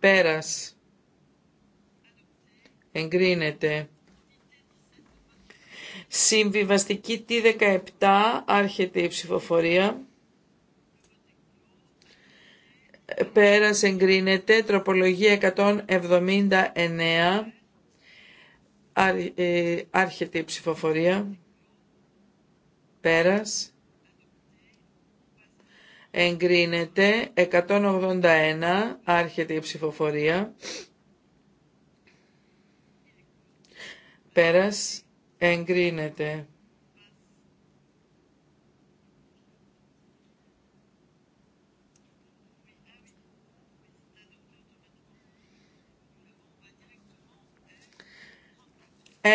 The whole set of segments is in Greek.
Πέρας. Εγκρίνεται. Συμβιβαστική T17 άρχεται η ψηφοφορία. Πέρας εγκρίνεται. Τροπολογία 179 ε, άρχεται η ψηφοφορία. Πέρας εγκρίνεται 181 άρχεται η ψηφοφορία πέρας εγκρίνεται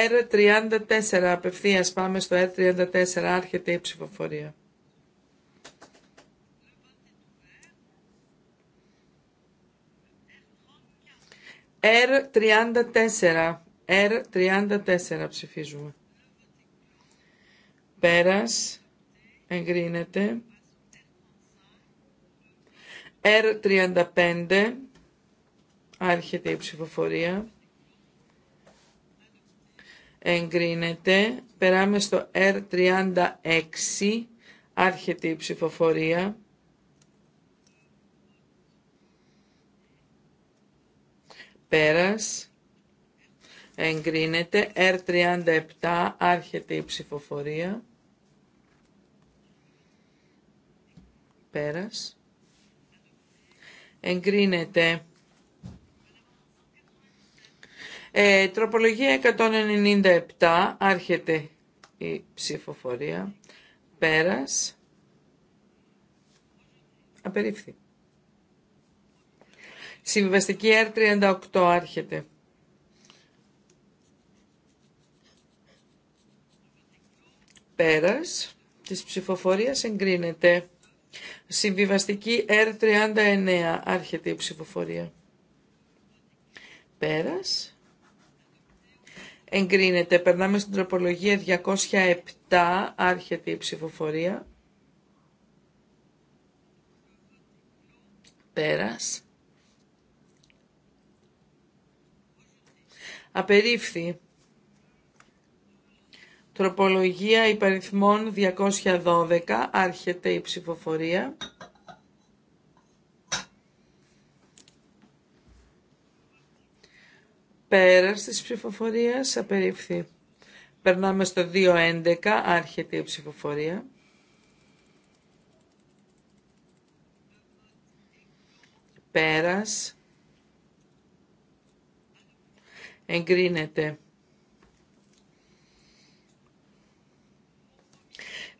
R34, απευθείας πάμε στο R34, άρχεται η ψηφοφορία. R34. R34 ψηφίζουμε. Πέρας. Εγκρίνεται. R35. Άρχεται η ψηφοφορία. Εγκρίνεται. Περάμε στο R36. Άρχεται η ψηφοφορία. Πέρας. Εγκρίνεται. R37. Άρχεται η ψηφοφορία. Πέρας. Εγκρίνεται. Ε, τροπολογία 197. Άρχεται η ψηφοφορία. Πέρας. Απερίφθη. Συμβιβαστική R38 άρχεται. Πέρας της ψηφοφορίας εγκρίνεται. Συμβιβαστική R39 άρχεται η ψηφοφορία. Πέρας. Εγκρίνεται. Περνάμε στην τροπολογία 207 άρχεται η ψηφοφορία. Πέρας. Απερίφθη. Τροπολογία υπαριθμών 212. Άρχεται η ψηφοφορία. Πέρας της ψηφοφορίας απερίφθη. Περνάμε στο 2.11. Άρχεται η ψηφοφορία. Πέρας εγκρίνεται.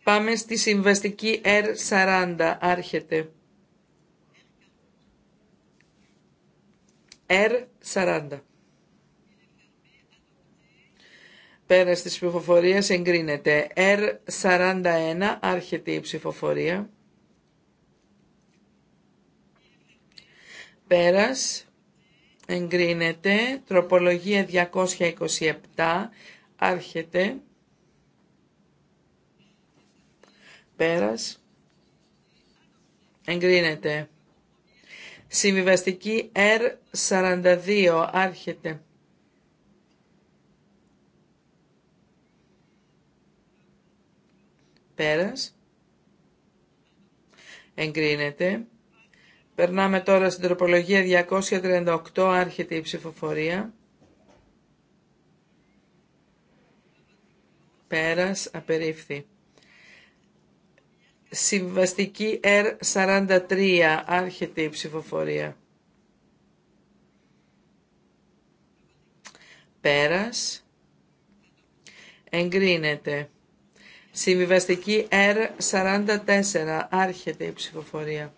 Πάμε στη συμβαστική R40, άρχεται. R40. Πέρα της ψηφοφορίας εγκρίνεται. R41, άρχεται η ψηφοφορία. Πέρας εγκρίνεται, τροπολογία 227, άρχεται, πέρας, εγκρίνεται. Συμβιβαστική R42, άρχεται. Πέρας, εγκρίνεται. Περνάμε τώρα στην τροπολογία 238, άρχεται η ψηφοφορία. Πέρας, απερίφθη. Συμβαστική R43, άρχεται η ψηφοφορία. Πέρας, εγκρίνεται. Συμβιβαστική R44, άρχεται η ψηφοφορία.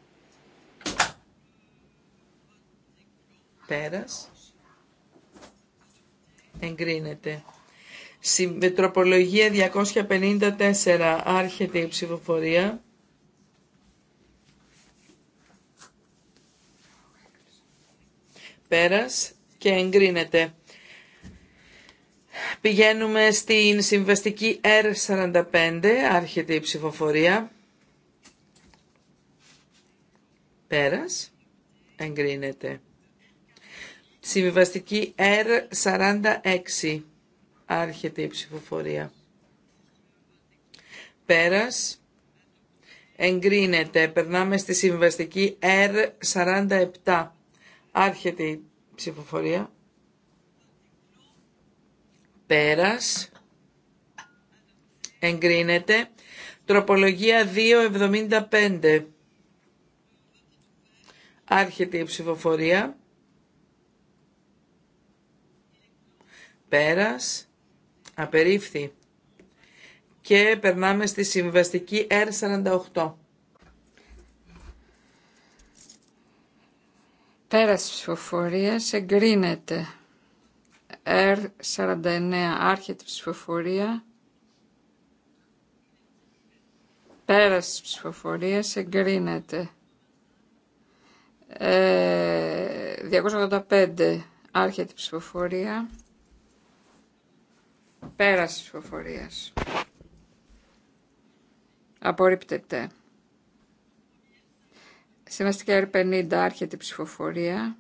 Πέρας. Εγκρίνεται. Συμβετροπολογία 254. Άρχεται η ψηφοφορία. Πέρας και εγκρίνεται. Πηγαίνουμε στην συμβαστική R45. Άρχεται η ψηφοφορία. Πέρας. Εγκρίνεται. Συμβιβαστική R46. Άρχεται η ψηφοφορία. Πέρας. Εγκρίνεται. Περνάμε στη συμβιβαστική R47. Άρχεται η ψηφοφορία. Πέρας. Εγκρίνεται. Τροπολογία 275. Άρχεται η ψηφοφορία. πέρας απερίφθη και περνάμε στη συμβαστική R48. Πέρας ψηφοφορίας εγκρίνεται. R49 άρχεται ψηφοφορία. Πέρας ψηφοφορίας εγκρίνεται. Ε, 285 άρχεται ψηφοφορία. Πέρας της ψηφοφορίας. Απορρίπτεται. Συμβαστική R50 άρχεται η ψηφοφορία.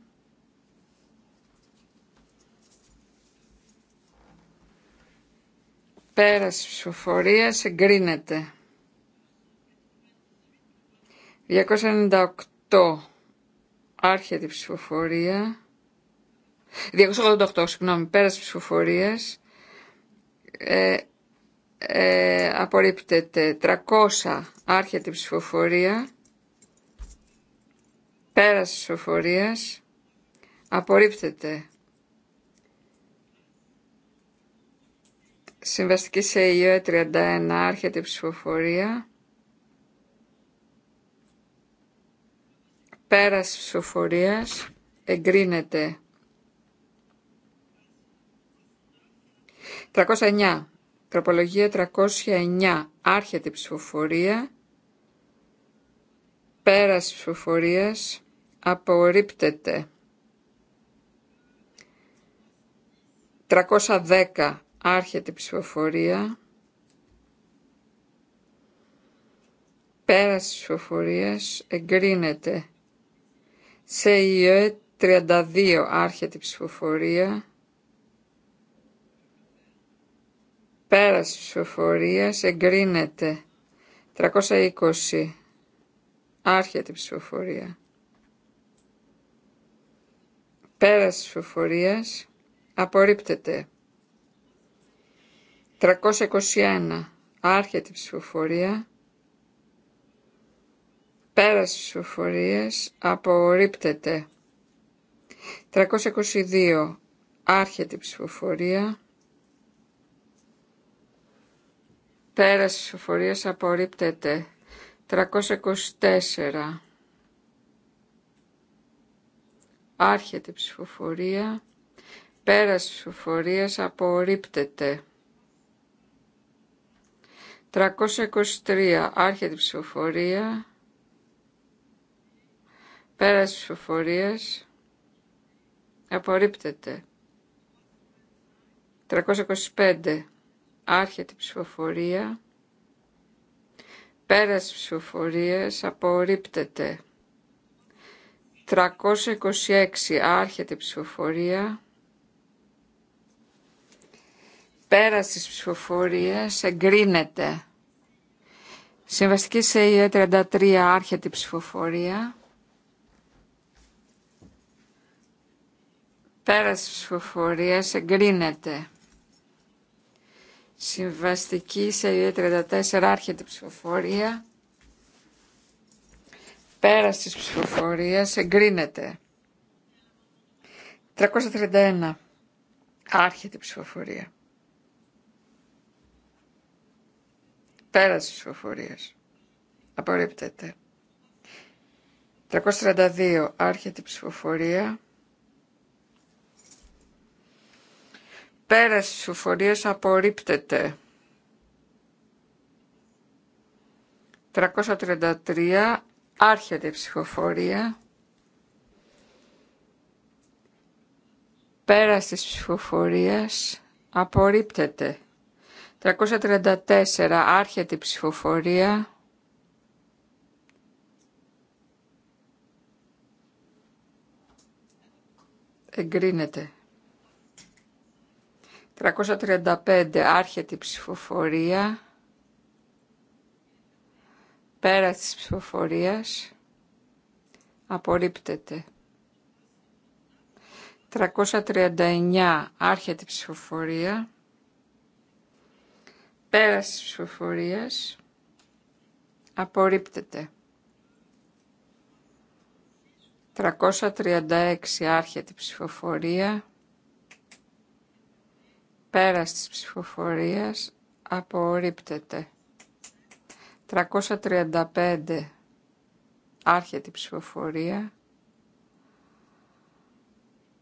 Πέραση της ψηφοφορίας εγκρίνεται. 298 άρχεται η ψηφοφορία. 288, συγγνώμη, πέρας ψηφοφορίας ε, ε, απορρίπτεται 300 άρχεται η ψηφοφορία πέρας της ψηφοφορίας απορρίπτεται συμβαστική σε ΙΟΕ 31 άρχεται η ψηφοφορία πέρας της ψηφοφορίας εγκρίνεται 309. Τροπολογία 309. Άρχεται η ψηφοφορία. Πέρας ψηφοφορίας. Απορρίπτεται. 310. Άρχεται η ψηφοφορία. Πέρας ψηφοφορίας. Εγκρίνεται. Σε 32. Άρχεται η ψηφοφορία Πέρας ψηφοφορίας εγκρίνεται. 320. Άρχεται ψηφοφορία. Πέρας ψηφοφορίας απορρίπτεται. 321. Άρχεται ψηφοφορία. Πέρας ψηφοφορίας απορρίπτεται. 322. Άρχεται η ψηφοφορία Πέρας ψηφοφορίας απορρίπτεται. 324. Άρχεται η ψηφοφορία. Πέρας ψηφοφορίας απορρίπτεται. 323. Άρχεται η ψηφοφορία. Πέρας ψηφοφορίας απορρίπτεται. 325 άρχεται η ψηφοφορία, πέρας ψηφοφορίες απορρίπτεται. 326 άρχεται ψηφοφορία, πέρας της ψηφοφορίας εγκρίνεται. Συμβαστική σε 33 άρχεται ψηφοφορία. Πέρας της ψηφοφορίας εγκρίνεται. Συμβαστική σε 34 άρχεται ψηφοφορία. Πέρας της ψηφοφορίας εγκρίνεται. 331 άρχεται ψηφοφορία. Πέρας της ψηφοφορίας. Απορρίπτεται. 332, άρχεται ψηφοφορία. Πέρας της ψηφοφορίας απορρίπτεται. 333 άρχεται η ψηφοφορία. Πέρας της ψηφοφορίας απορρίπτεται. 334 άρχεται η ψηφοφορία. Εγκρίνεται. 335 άρχεται η ψηφοφορία πέρα της ψηφοφορίας απορρίπτεται 339 άρχεται η ψηφοφορία πέρα της ψηφοφορίας απορρίπτεται 336 άρχεται η ψηφοφορία Πέρας της ψηφοφορίας απορρίπτεται. 335 άρχεται η ψηφοφορία.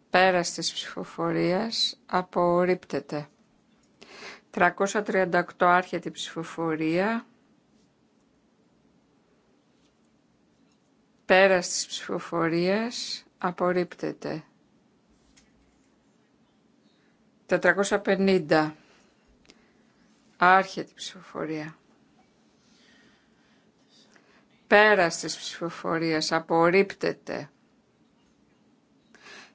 Πέρας της ψηφοφορίας απορρίπτεται. 338 άρχεται η ψηφοφορία. Πέρας της ψηφοφορίας απορρίπτεται. 450. Άρχεται η ψηφοφορία. Πέρας της ψηφοφορίας. Απορρίπτεται.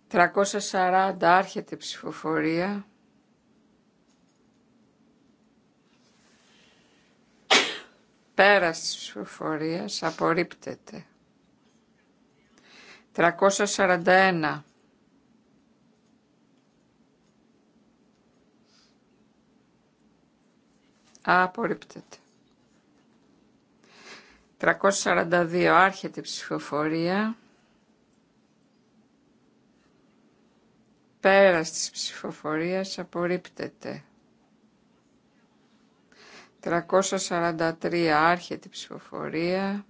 340. Άρχεται ψηφοφορία. Πέρας τη ψηφοφορίας. Απορρίπτεται. 341. Απορρίπτεται. 342. Άρχεται η ψηφοφορία. Πέρας της ψηφοφορίας απορρίπτεται. 343. Άρχεται η ψηφοφορία.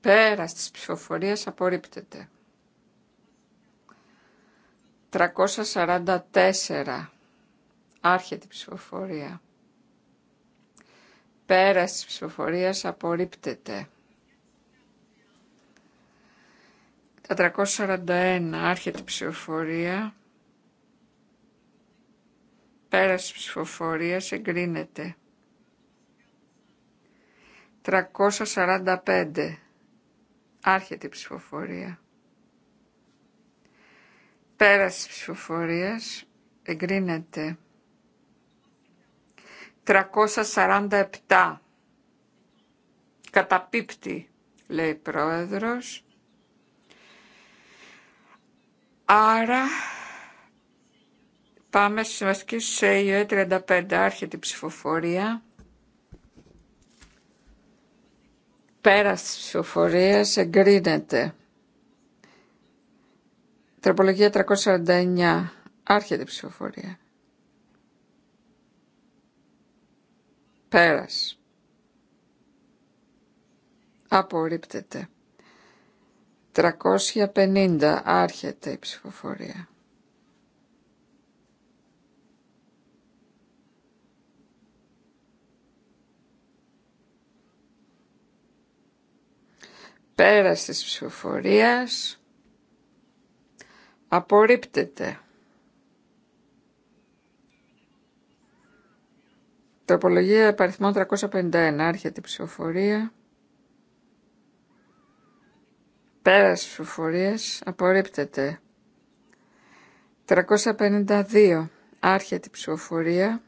Πέρας της ψηφοφορίας απορρίπτεται. 344. Άρχεται η ψηφοφορία. Πέραση της ψηφοφορίας απορρίπτεται. 441. Άρχεται η ψηφοφορία. Πέρας της ψηφοφορίας εγκρίνεται. 345. Άρχεται η ψηφοφορία. Πέραση της ψηφοφορίας εγκρίνεται. 347. Καταπίπτει, λέει πρόεδρος. Άρα πάμε στη σε ΣΕΙΟΕ 35, άρχεται η ψηφοφορία. Πέρας της ψηφοφορίας εγκρίνεται. Τροπολογία 349, άρχεται η ψηφοφορία. Πέρας. Απορρίπτεται. 350 άρχεται η ψηφοφορία. Πέρας της ψηφοφορίας απορρίπτεται. Τροπολογία παριθμό 351. Άρχεται η ψηφοφορία. Πέρας ψηφοφορίας απορρίπτεται. 352. Άρχεται η ψηφοφορία.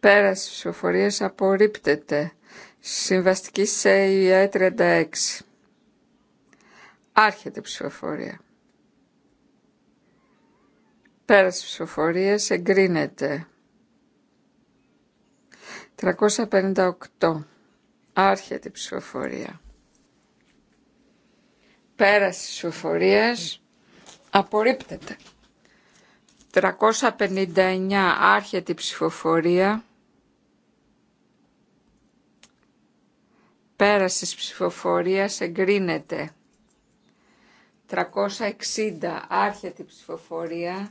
Πέρας ψηφοφορίας απορρίπτεται. Συμβαστική σε 36. Ε Άρχεται η ψηφοφορία. Πέρας ψηφοφορίας εγκρίνεται. 358. Άρχεται η ψηφοφορία. Πέρας ψηφοφορίας απορρίπτεται. 359. Άρχεται η ψηφοφορία. Πέρας της ψηφοφορίας εγκρίνεται. 360. Άρχεται η ψηφοφορία.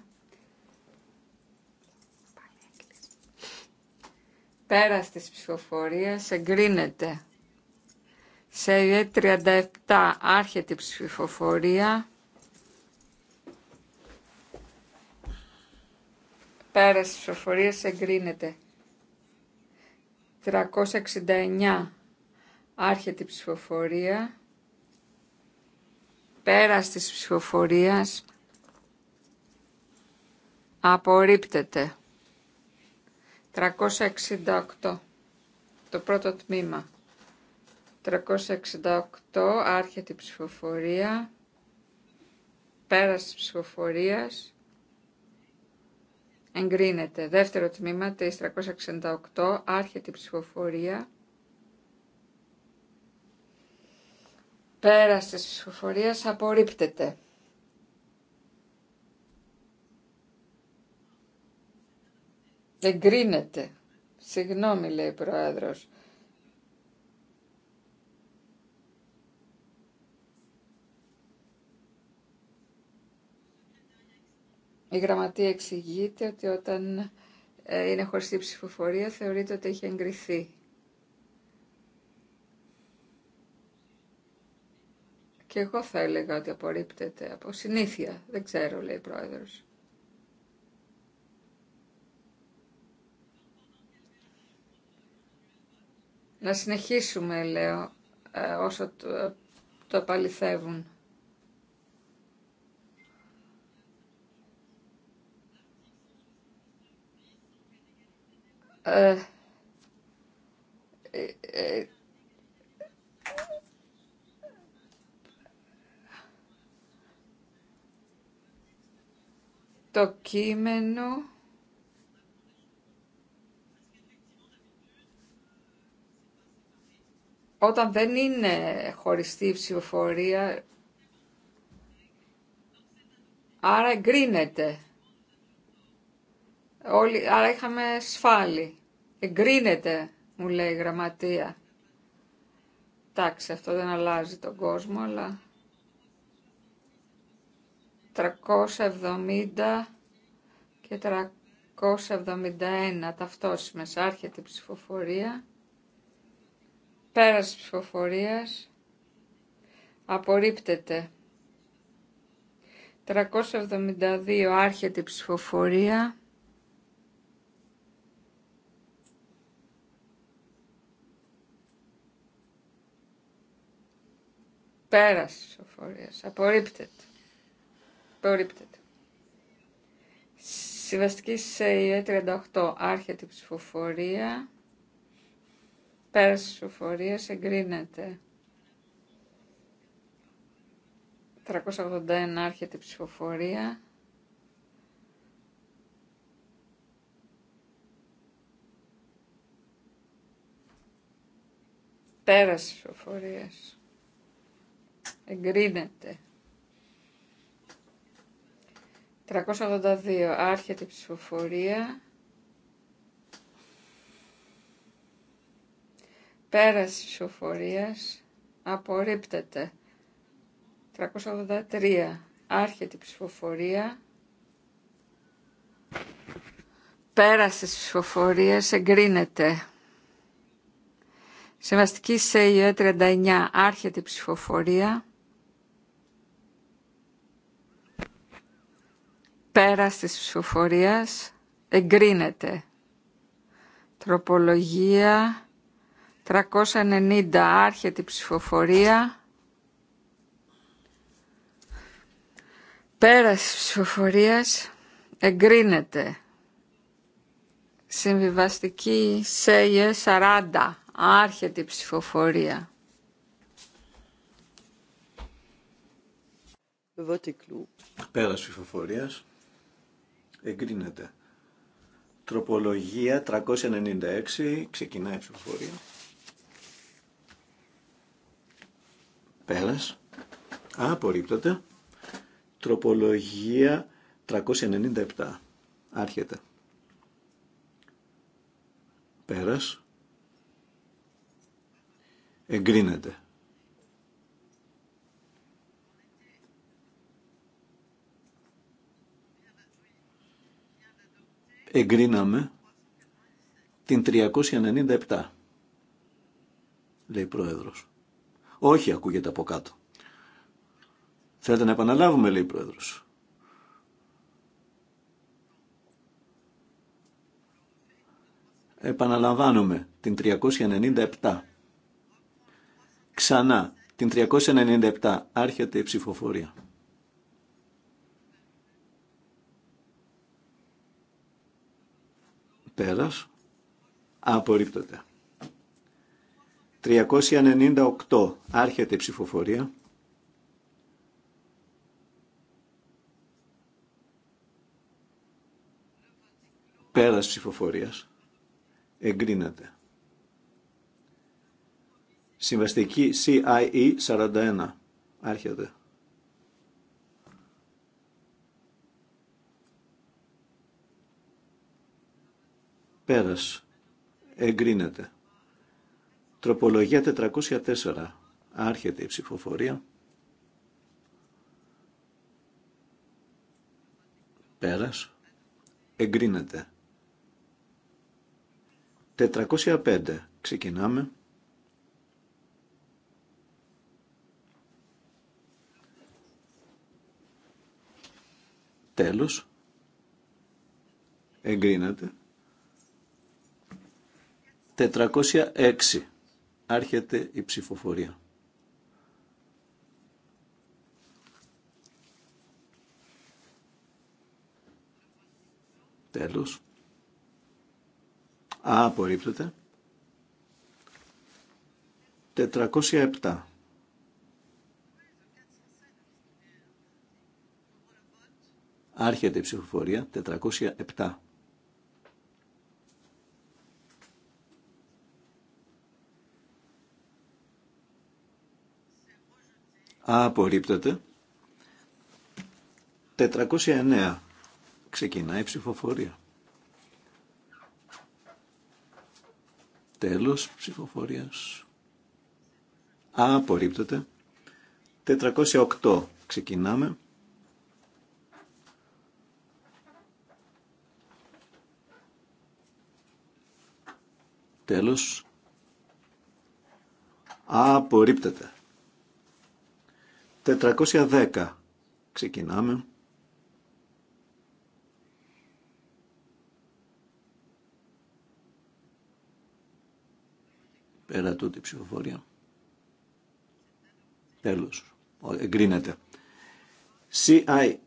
Πέρας της ψηφοφορίας εγκρίνεται. Σε 37 άρχεται η ψηφοφορία. Πέρας τη ψηφοφορία εγκρίνεται. 369 άρχεται η ψηφοφορία. Πέρας της ψηφοφορίας απορρίπτεται. 368. Το πρώτο τμήμα. 368. Άρχεται η ψηφοφορία. Πέρας ψηφοφορίας. Εγκρίνεται. Δεύτερο τμήμα 368. Άρχεται η ψηφοφορία. Πέρας της ψηφοφορίας απορρίπτεται. Εγκρίνεται. Συγγνώμη λέει ο Πρόεδρος. Η γραμματεία εξηγείται ότι όταν ε, είναι χωριστή ψηφοφορία θεωρείται ότι έχει εγκριθεί. Και εγώ θα έλεγα ότι απορρίπτεται από συνήθεια. Δεν ξέρω, λέει ο πρόεδρος. Να συνεχίσουμε, λέω, ε, όσο το, το ε, ε, το κείμενο όταν δεν είναι χωριστή η ψηφοφορία, άρα εγκρίνεται. Όλοι, άρα είχαμε σφάλει. Εγκρίνεται, μου λέει η γραμματεία. Εντάξει, αυτό δεν αλλάζει τον κόσμο, αλλά... 370 και 371 ταυτόσιμες. Άρχεται η ψηφοφορία. Πέρας της ψηφοφορίας. Απορρίπτεται. 372 άρχεται η ψηφοφορία. Πέρας της ψηφοφορίας. Απορρίπτεται. Απορρίπτεται. Συμβαστική σε 38 άρχεται η ψηφοφορία σου ψηφοφορία εγκρίνεται. 381 άρχεται η ψηφοφορία. Πέρας ψηφοφορία Εγκρίνεται. 382 άρχεται η ψηφοφορία. Πέρας ψηφοφορίας απορρίπτεται. 383. Άρχεται η ψηφοφορία. Πέρας της ψηφοφορίας εγκρίνεται. Σεβαστική ΣΕΙΟΕ 39. Άρχεται η ψηφοφορία. Πέρας της ψηφοφορίας εγκρίνεται. Τροπολογία 390 άρχεται η ψηφοφορία. Πέραση ψηφοφορίας εγκρίνεται. Συμβιβαστική ΣΕΙΕ 40 άρχεται η ψηφοφορία. Πέραση ψηφοφορίας εγκρίνεται. Τροπολογία 396 ξεκινάει η ψηφοφορία. Πέρας. απορρίπτωτε. Τροπολογία 397. Άρχεται. Πέρας. Εγκρίνεται. Εγκρίναμε την 397, λέει ο Πρόεδρος. Όχι, ακούγεται από κάτω. Θέλετε να επαναλάβουμε, λέει η Επαναλαμβάνουμε την 397. Ξανά την 397 άρχεται η ψηφοφορία. Πέρας απορρίπτεται. 398. Άρχεται η ψηφοφορία. Πέρας ψηφοφορίας. Εγκρίνεται. Συμβαστική CIE 41. Άρχεται. Πέρας. Εγκρίνεται. Τροπολογία 404. Άρχεται η ψηφοφορία. Πέρας. Εγκρίνεται. 405. Ξεκινάμε. Τέλος. Εγκρίνεται. 406. Άρχεται η ψηφοφορία. Τέλος. Α, απορρίπτεται. 407. Άρχεται η ψηφοφορία. 407. Απορρίπτεται. 409. Ξεκινάει η ψηφοφορία. Τέλος ψηφοφορίας. Απορρίπτεται. 408. Ξεκινάμε. Τέλος. Απορρίπτεται. 410. Ξεκινάμε. Πέρα τούτη ψηφοφορία. Τέλος. Εγκρίνεται. CIE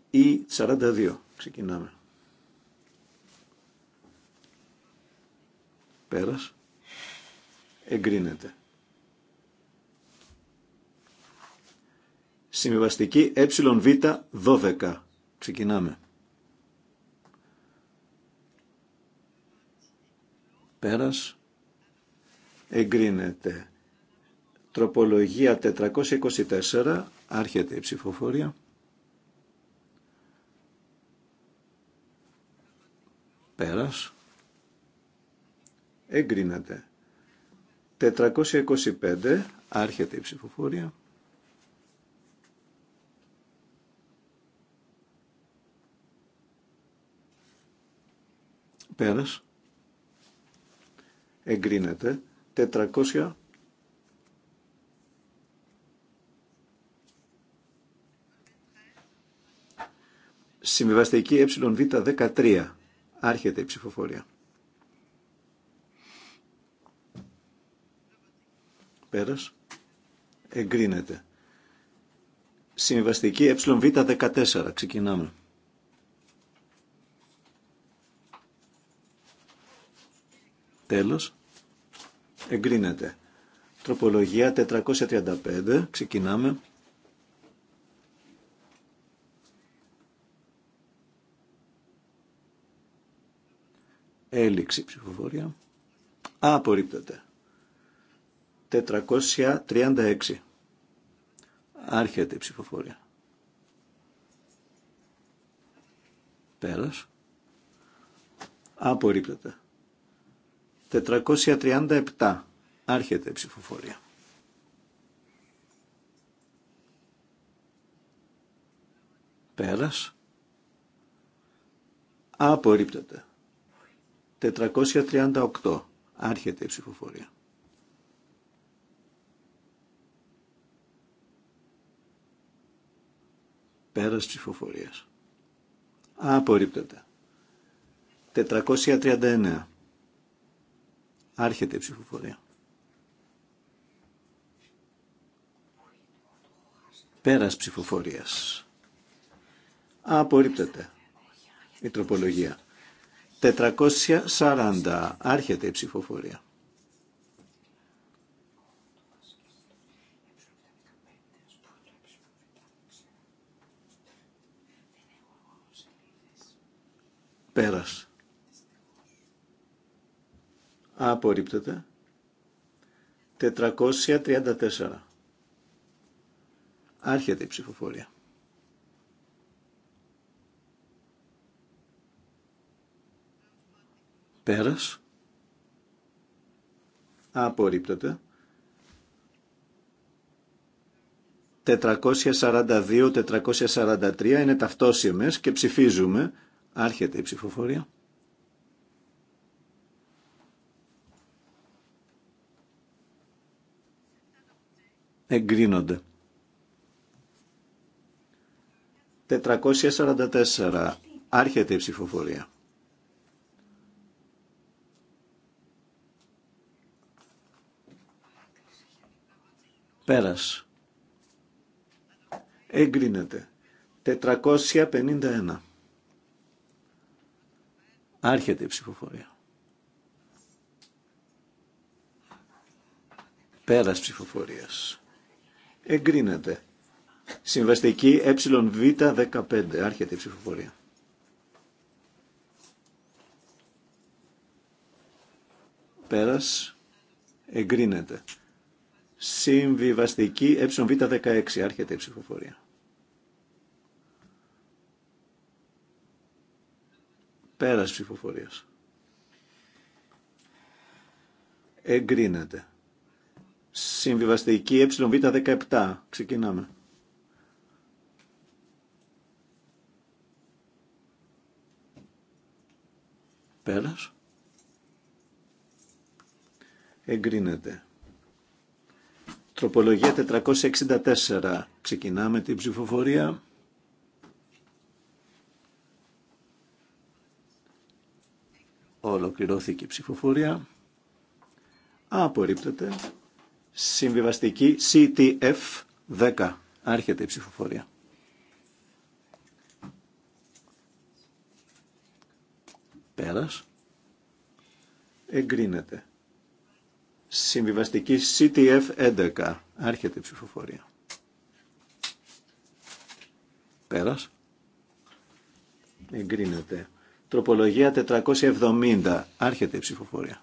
42. Ξεκινάμε. Πέρας. Εγκρίνεται. Συμβιβαστική ΕΒ12. Ξεκινάμε. Πέρας. Εγκρίνεται. Τροπολογία 424. Άρχεται η ψηφοφορία. Πέρας. Εγκρίνεται. 425. Άρχεται η ψηφοφορία. Πέρας. Εγκρίνεται. 400. συμβιβαστικη ΕΒ13. Άρχεται η ψηφοφορία. Πέρας. Εγκρίνεται. Συμβαστική ΕΒ14. Ξεκινάμε. Τέλος, εγκρίνεται. Τροπολογία 435, ξεκινάμε. Έλλειξη ψηφοφορία. Απορρίπτεται. 436. Άρχεται η ψηφοφορία. Πέρας. Απορρίπτεται. 437. Άρχεται η ψηφοφορία. Πέρας. Απορρίπτεται. 438. Άρχεται η ψηφοφορία. Πέρας ψηφοφορίας. Απορρίπτεται. 439. Άρχεται η ψηφοφορία. Πέρας ψηφοφορίας. Απορρίπτεται η τροπολογία. 440. Άρχεται η ψηφοφορία. Πέρας απορρίπτεται. 434. Άρχεται η ψηφοφορία. Πέρας. Απορρίπτεται. 442-443 είναι ταυτόσιμες και ψηφίζουμε. Άρχεται η ψηφοφορία. εγκρίνονται. 444. Άρχεται η ψηφοφορία. Πέρας. Εγκρίνεται. 451. Άρχεται η ψηφοφορία. Πέρας ψηφοφορίας εγκρίνεται. Συμβαστική ΕΒ15, άρχεται η ψηφοφορία. Πέρας, εγκρίνεται. Συμβιβαστική ΕΒ16, άρχεται η ψηφοφορία. Πέρας ψηφοφορίας. Εγκρίνεται. Συμβιβαστική ΕΒ17. Ξεκινάμε. Πέρας. Εγκρίνεται. Τροπολογία 464. Ξεκινάμε την ψηφοφορία. Ολοκληρώθηκε η ψηφοφορία. Απορρίπτεται. Συμβιβαστική CTF 10. Άρχεται η ψηφοφορία. Πέρας. Εγκρίνεται. Συμβιβαστική CTF 11. Άρχεται η ψηφοφορία. Πέρας. Εγκρίνεται. Τροπολογία 470. Άρχεται η ψηφοφορία.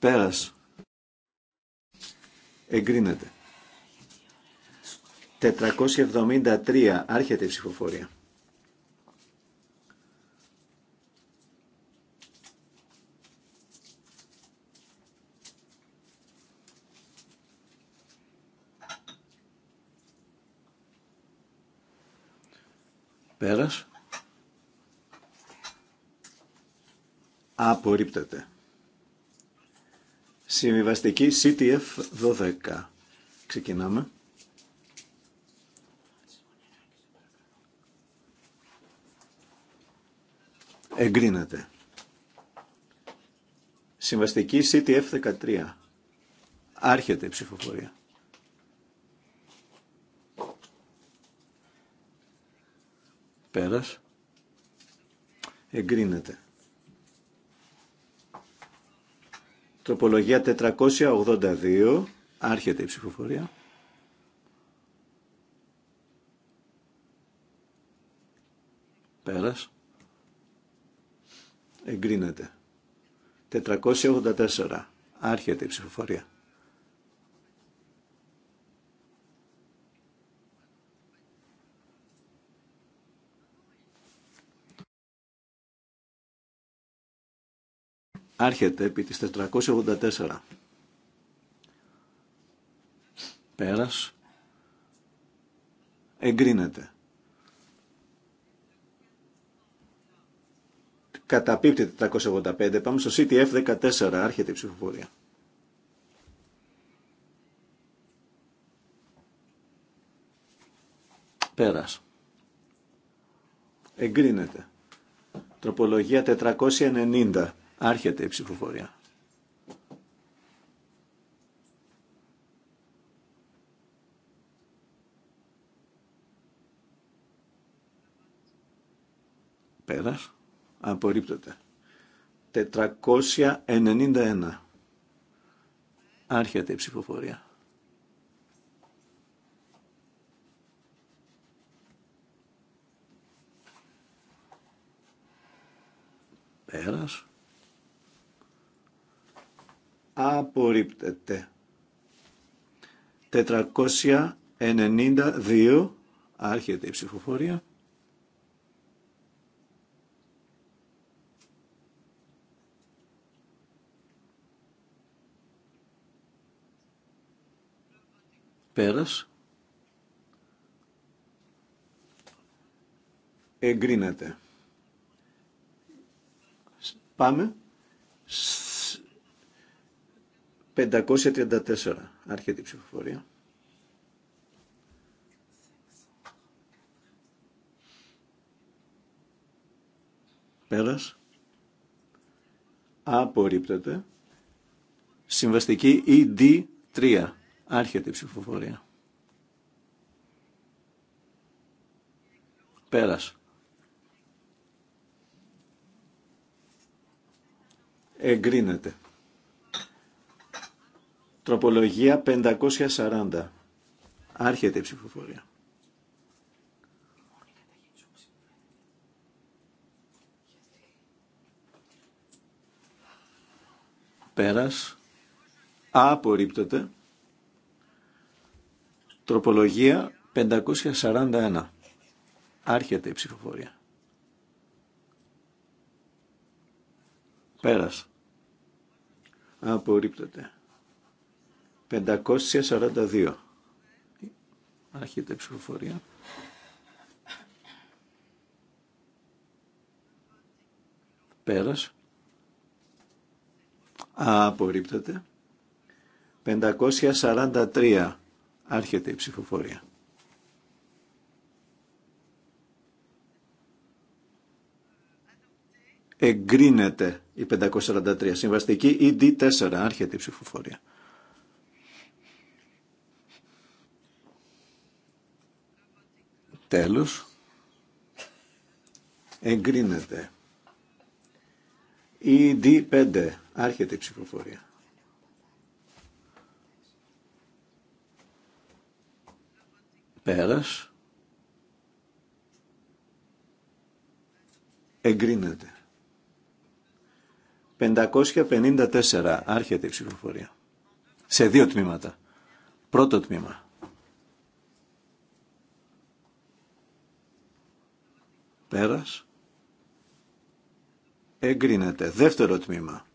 Πέρας. Εγκρίνεται. 473. Άρχεται η ψηφοφορία. Πέρας. Απορρίπτεται. Συμβιβαστική CTF 12. Ξεκινάμε. Εγκρίνεται. Συμβαστική CTF 13. Άρχεται η ψηφοφορία. Πέρας. Εγκρίνεται. Τροπολογία 482. Άρχεται η ψηφοφορία. Πέρας. Εγκρίνεται. 484. Άρχεται η ψηφοφορία. Άρχεται επί της 484. Πέρας. Εγκρίνεται. Καταπίπτει 485. Πάμε στο CTF 14. Άρχεται η ψηφοφορία. Πέρας. Εγκρίνεται. Τροπολογία 490. Άρχεται η ψηφοφορία. Πέρας. Απορρίπτεται. 491. Άρχεται η ψηφοφορία. Πέρας απορρίπτεται. 492 άρχεται η ψηφοφορία. Πέρας. Εγκρίνεται. Πάμε 534. Άρχεται ψηφοφορία. Πέρας. Απορρίπτεται. Συμβαστική ED3. Άρχεται η ψηφοφορία. Πέρας. Εγκρίνεται. Τροπολογία 540. Άρχεται η ψηφοφορία. Πέρας. Απορρίπτεται. Τροπολογία 541. Άρχεται η ψηφοφορία. Πέρας. Απορρίπτεται. 542. Άρχεται η ψηφοφορία. Πέρας. Απορρίπτεται. 543. Άρχεται η ψηφοφορία. Εγκρίνεται η 543. Συμβαστική ED4. Άρχεται η ψηφοφορία. Τέλος. d ED5. Άρχεται η ψηφοφορία. Πέρας. Εγκρίνεται. 554. Άρχεται η ψηφοφορία. Σε δύο τμήματα. Πρώτο τμήμα. Πέρας. Εγκρίνεται. Δεύτερο τμήμα.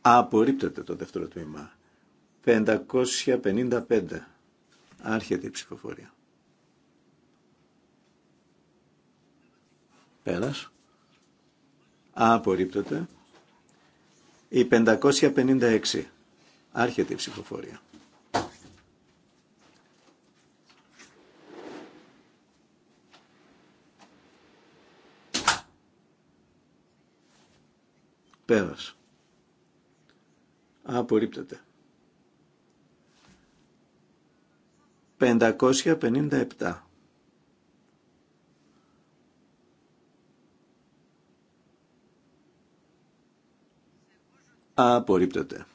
Απορρίπτεται το δεύτερο τμήμα. 555. Άρχεται η ψηφοφορία. Πέρας. Απορρίπτεται. Η 556. Άρχεται η ψηφοφορία. Πέρας. Απορρίπτεται. 557. Απορρίπτεται.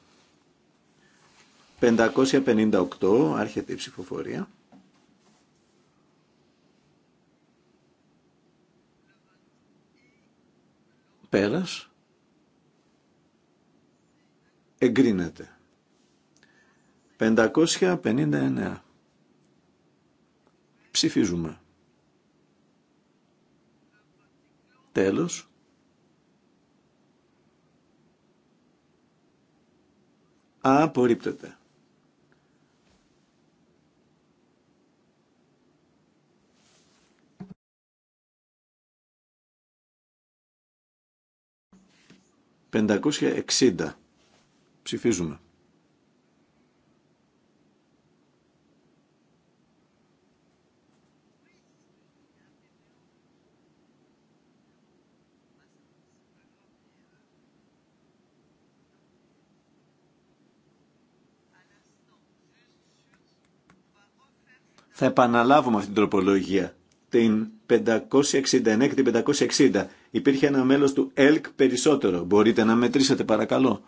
558. Άρχεται η ψηφοφορία. Πέρας. Εγκρίνεται. 559. Ψηφίζουμε. Τέλος. απορρίπτεται. Πεντακόσια εξήντα. Ψηφίζουμε. Θα επαναλάβουμε αυτή την τροπολογία. Την 569 και την 560. Υπήρχε ένα μέλος του ΕΛΚ περισσότερο. Μπορείτε να μετρήσετε παρακαλώ.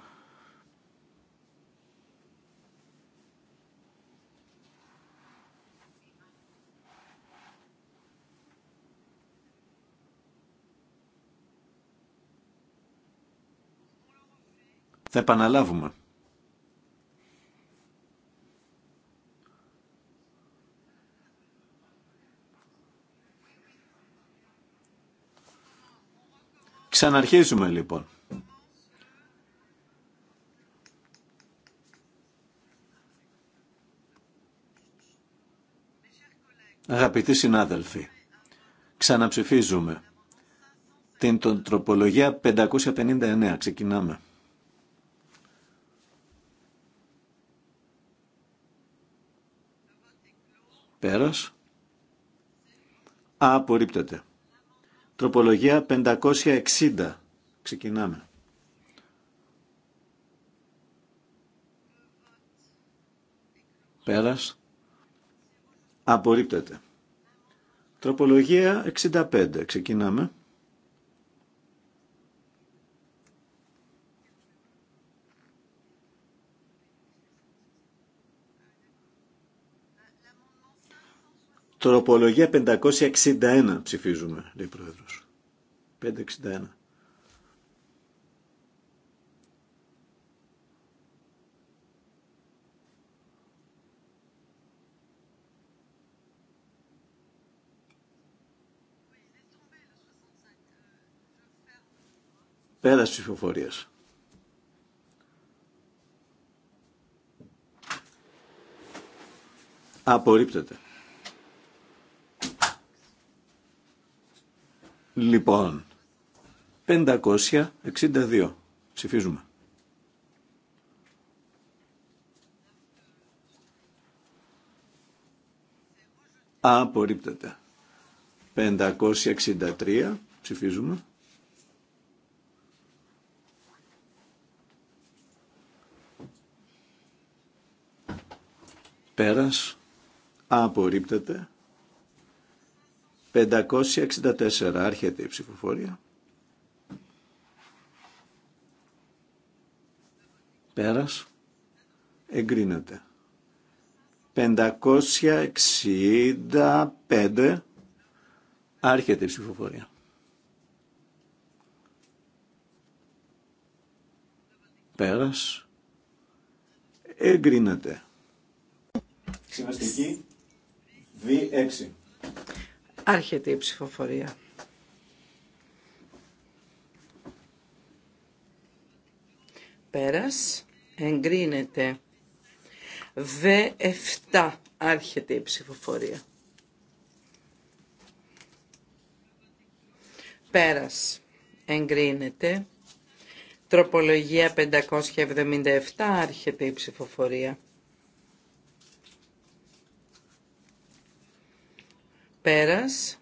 Θα επαναλάβουμε. Ξαναρχίζουμε λοιπόν. Αγαπητοί συνάδελφοι, ξαναψηφίζουμε την τροπολογία 559. Ξεκινάμε. Πέρας. Απορρίπτεται. Τροπολογία 560. Ξεκινάμε. Πέρας. Απορρίπτεται. Τροπολογία 65. Ξεκινάμε. Τροπολογία 561 ψηφίζουμε, λέει ο Πρόεδρος. 561. Πέρας ψηφοφορίας. Απορρίπτεται. Λοιπόν, 562. Ψηφίζουμε. Απορρίπτεται. 563. Ψηφίζουμε. Πέρας. Απορρίπτεται. 564 άρχεται η ψηφοφορία. Πέρας. Εγκρίνεται. 565 άρχεται η ψηφοφορία. Πέρας. Εγκρίνεται. Συμβαστική. V6. Άρχεται η ψηφοφορία. Πέρας. εγκρίνεται. V7. Άρχεται η ψηφοφορία. Πέρας. Εγκρίνεται. Τροπολογία 577. Άρχεται η ψηφοφορία. πέρας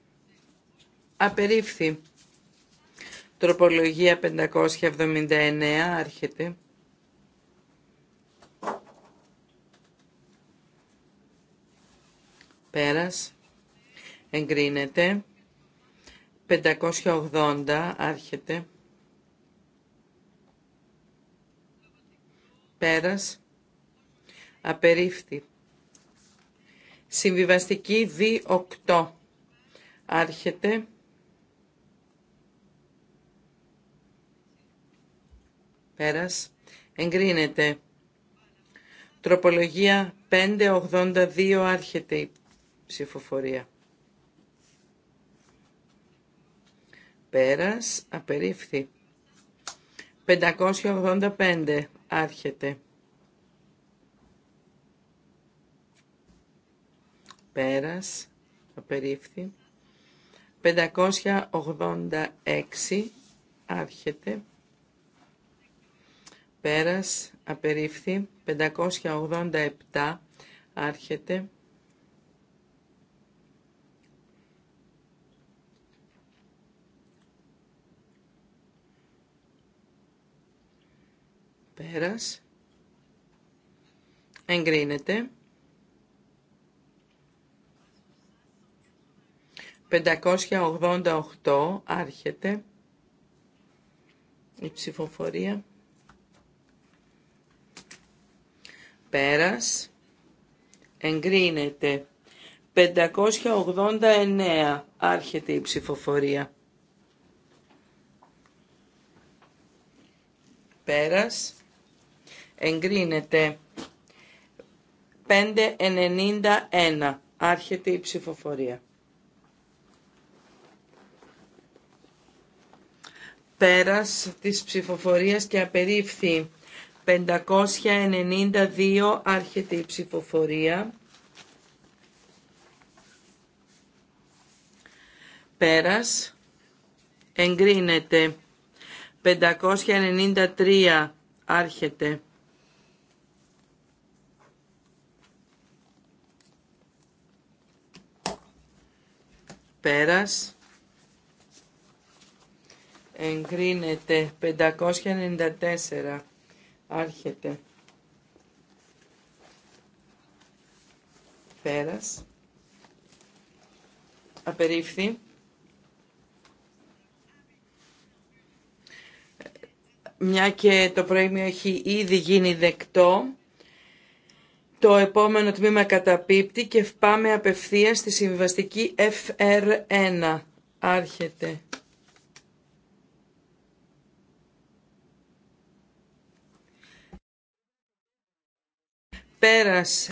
απερίφθη. Τροπολογία 579 άρχεται. Πέρας εγκρίνεται. 580 άρχεται. Πέρας απερίφθη. Συμβιβαστική 8. Άρχεται. Πέρας. Εγκρίνεται. Τροπολογία 582 άρχεται η ψηφοφορία. Πέρας, απερίφθη. 585 άρχεται. Πέρας, απερίφθη. 586 άρχεται πέρας απερίφθη 587 άρχεται πέρας εγκρίνεται 588 άρχεται η ψηφοφορία. Πέρας. Εγκρίνεται. 589 άρχεται η ψηφοφορία. Πέρας. Εγκρίνεται. 591 άρχεται η ψηφοφορία. πέρας της ψηφοφορίας και απερίφθη 592 άρχεται η ψηφοφορία. Πέρας εγκρίνεται 593 άρχεται. Πέρας εγκρίνεται 594 άρχεται πέρας απερίφθη μια και το προήμιο έχει ήδη γίνει δεκτό το επόμενο τμήμα καταπίπτει και πάμε απευθείας στη συμβιβαστική FR1 άρχεται Πέρας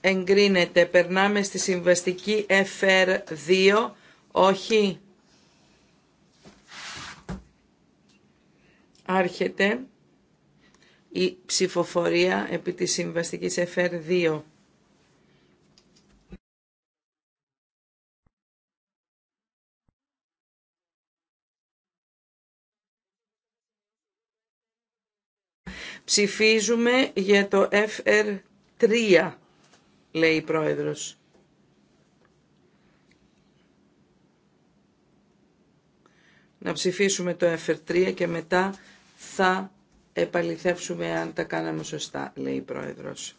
εγκρίνεται. Περνάμε στη συμβαστική FR2. Όχι. Άρχεται η ψηφοφορία επί της συμβαστικής FR2. Ψηφίζουμε για το FR2 τρία, λέει η πρόεδρος. Να ψηφίσουμε το FR3 και μετά θα επαληθεύσουμε αν τα κάναμε σωστά, λέει η πρόεδρος.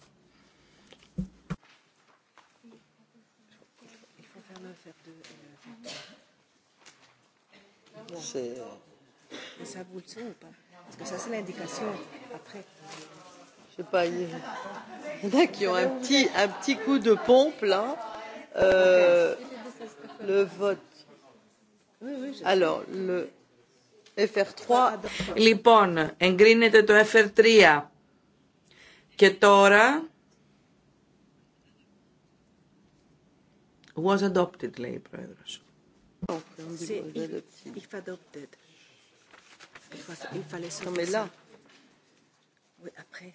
C'est ça vous le sent ou pas Parce que ça c'est l'indication après. Je sais pas, il y en a qui ont un petit, un petit coup de pompe là. Euh, le vote. Alors, le FR3. Λοιπόν, εγκρίνεται το FR3. Και τώρα. Was adopted, λέει η πρόεδρο. Sí, adopted. Il fallait se là. Oui, après.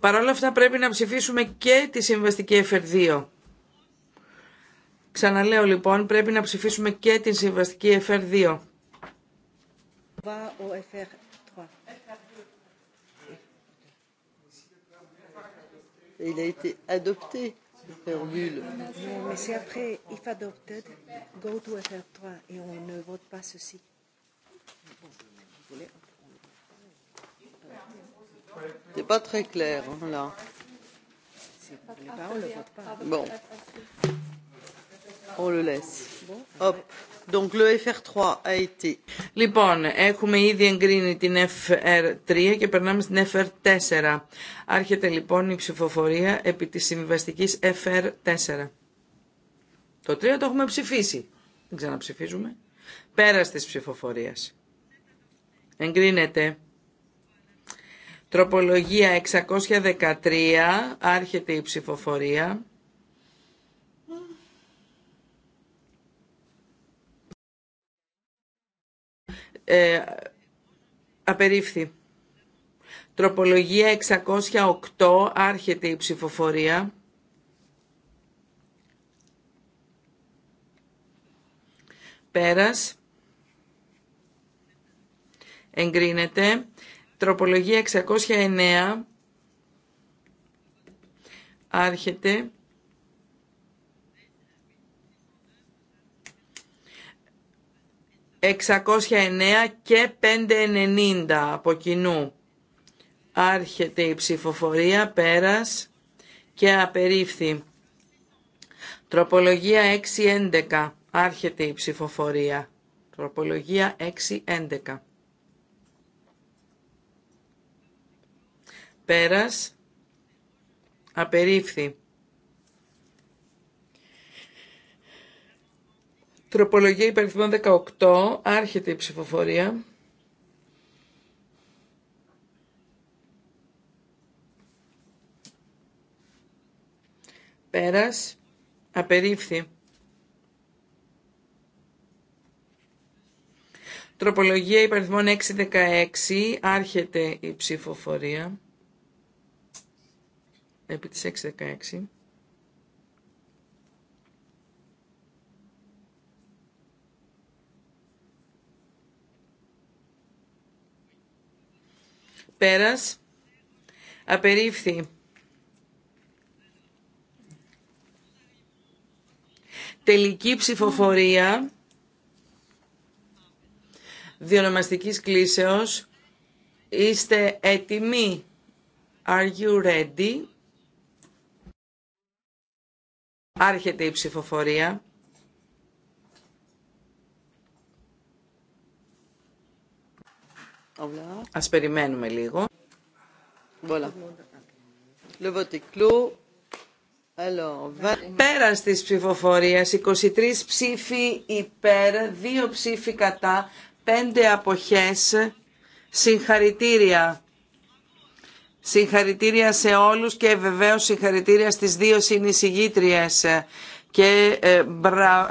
Παρ' όλα αυτά πρέπει να ψηφίσουμε και τη συμβαστική FR2. Ξαναλέω λοιπόν, πρέπει να ψηφίσουμε και την συμβαστική FR2. Il a formule. Mais si après, if adopted, go to FR3 et on ne vote pas ceci. C'est pas très clair, hein, là. ne vote pas. Bon. On le laisse. Hop. Λοιπόν, έχουμε ήδη εγκρίνει την FR3 και περνάμε στην FR4. Άρχεται λοιπόν η ψηφοφορία επί της συμβιβαστικής FR4. Το 3 το έχουμε ψηφίσει. Δεν ξαναψηφίζουμε. Πέρας της ψηφοφορίας. Εγκρίνεται. Τροπολογία 613. Άρχεται η ψηφοφορία. ε, απερίφθη. Τροπολογία 608, άρχεται η ψηφοφορία. Πέρας. Εγκρίνεται. Τροπολογία 609, άρχεται 609 και 590 από κοινού. Άρχεται η ψηφοφορία, πέρας και απερίφθη. Τροπολογία 611. Άρχεται η ψηφοφορία. Τροπολογία 611. Πέρας. Απερίφθη. Τροπολογία υπερθυμών 18, άρχεται η ψηφοφορία. Πέρας, απερίφθη. Τροπολογία υπαριθμό 616, άρχεται η ψηφοφορία. Επί της 616. Πέρας. Απερίφθη. Τελική ψηφοφορία διονομαστικής κλίσεως. Είστε έτοιμοι. Are you ready? Άρχεται η ψηφοφορία. Ας περιμένουμε λίγο. Voilà. Le vote est clos. 23 ψήφοι υπέρ, 2 ψήφοι κατά, 5 αποχές. Συγχαρητήρια. Συγχαρητήρια σε όλους και βεβαίως συγχαρητήρια στις δύο συνεισηγήτριες και ε,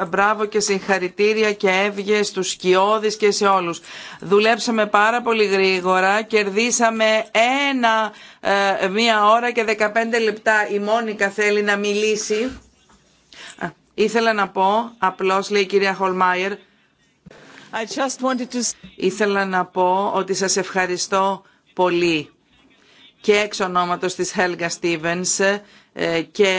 μπράβο και συγχαρητήρια και έβγε στους σκιώδεις και σε όλους. Δουλέψαμε πάρα πολύ γρήγορα, κερδίσαμε ένα, ε, μία ώρα και 15 λεπτά. Η Μόνικα θέλει να μιλήσει. ήθελα να πω, απλώς λέει η κυρία Χολμάιερ, ήθελα να πω ότι σας ευχαριστώ πολύ και εξ ονόματος της Helga Stevens ε, και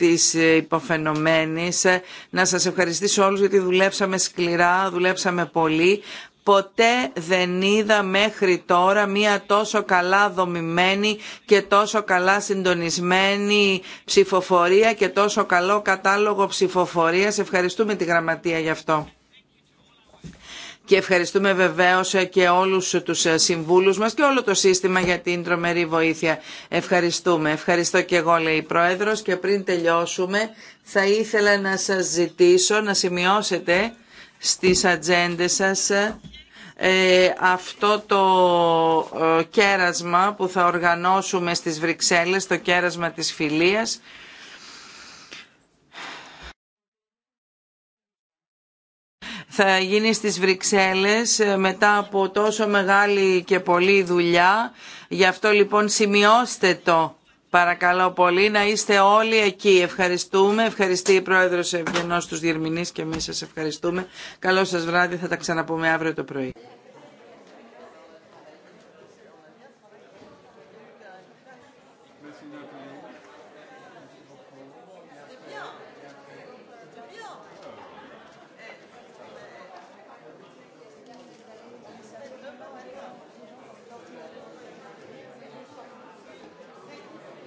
της υποφαινομένης. Να σας ευχαριστήσω όλους γιατί δουλέψαμε σκληρά, δουλέψαμε πολύ. Ποτέ δεν είδα μέχρι τώρα μία τόσο καλά δομημένη και τόσο καλά συντονισμένη ψηφοφορία και τόσο καλό κατάλογο ψηφοφορίας. Ευχαριστούμε τη Γραμματεία γι' αυτό και ευχαριστούμε βεβαίως και όλους τους συμβούλους μας και όλο το σύστημα για την τρομερή βοήθεια. Ευχαριστούμε. Ευχαριστώ και εγώ λέει η Πρόεδρος και πριν τελειώσουμε θα ήθελα να σας ζητήσω να σημειώσετε στις ατζέντε σας ε, αυτό το ε, κέρασμα που θα οργανώσουμε στις Βρυξέλλες, το κέρασμα της φιλίας θα γίνει στις Βρυξέλλες ε, μετά από τόσο μεγάλη και πολλή δουλειά. Γι' αυτό λοιπόν σημειώστε το. Παρακαλώ πολύ να είστε όλοι εκεί. Ευχαριστούμε. Ευχαριστεί η Πρόεδρος Ευγενός τους Διερμηνείς και εμείς σας ευχαριστούμε. Καλό σας βράδυ. Θα τα ξαναπούμε αύριο το πρωί.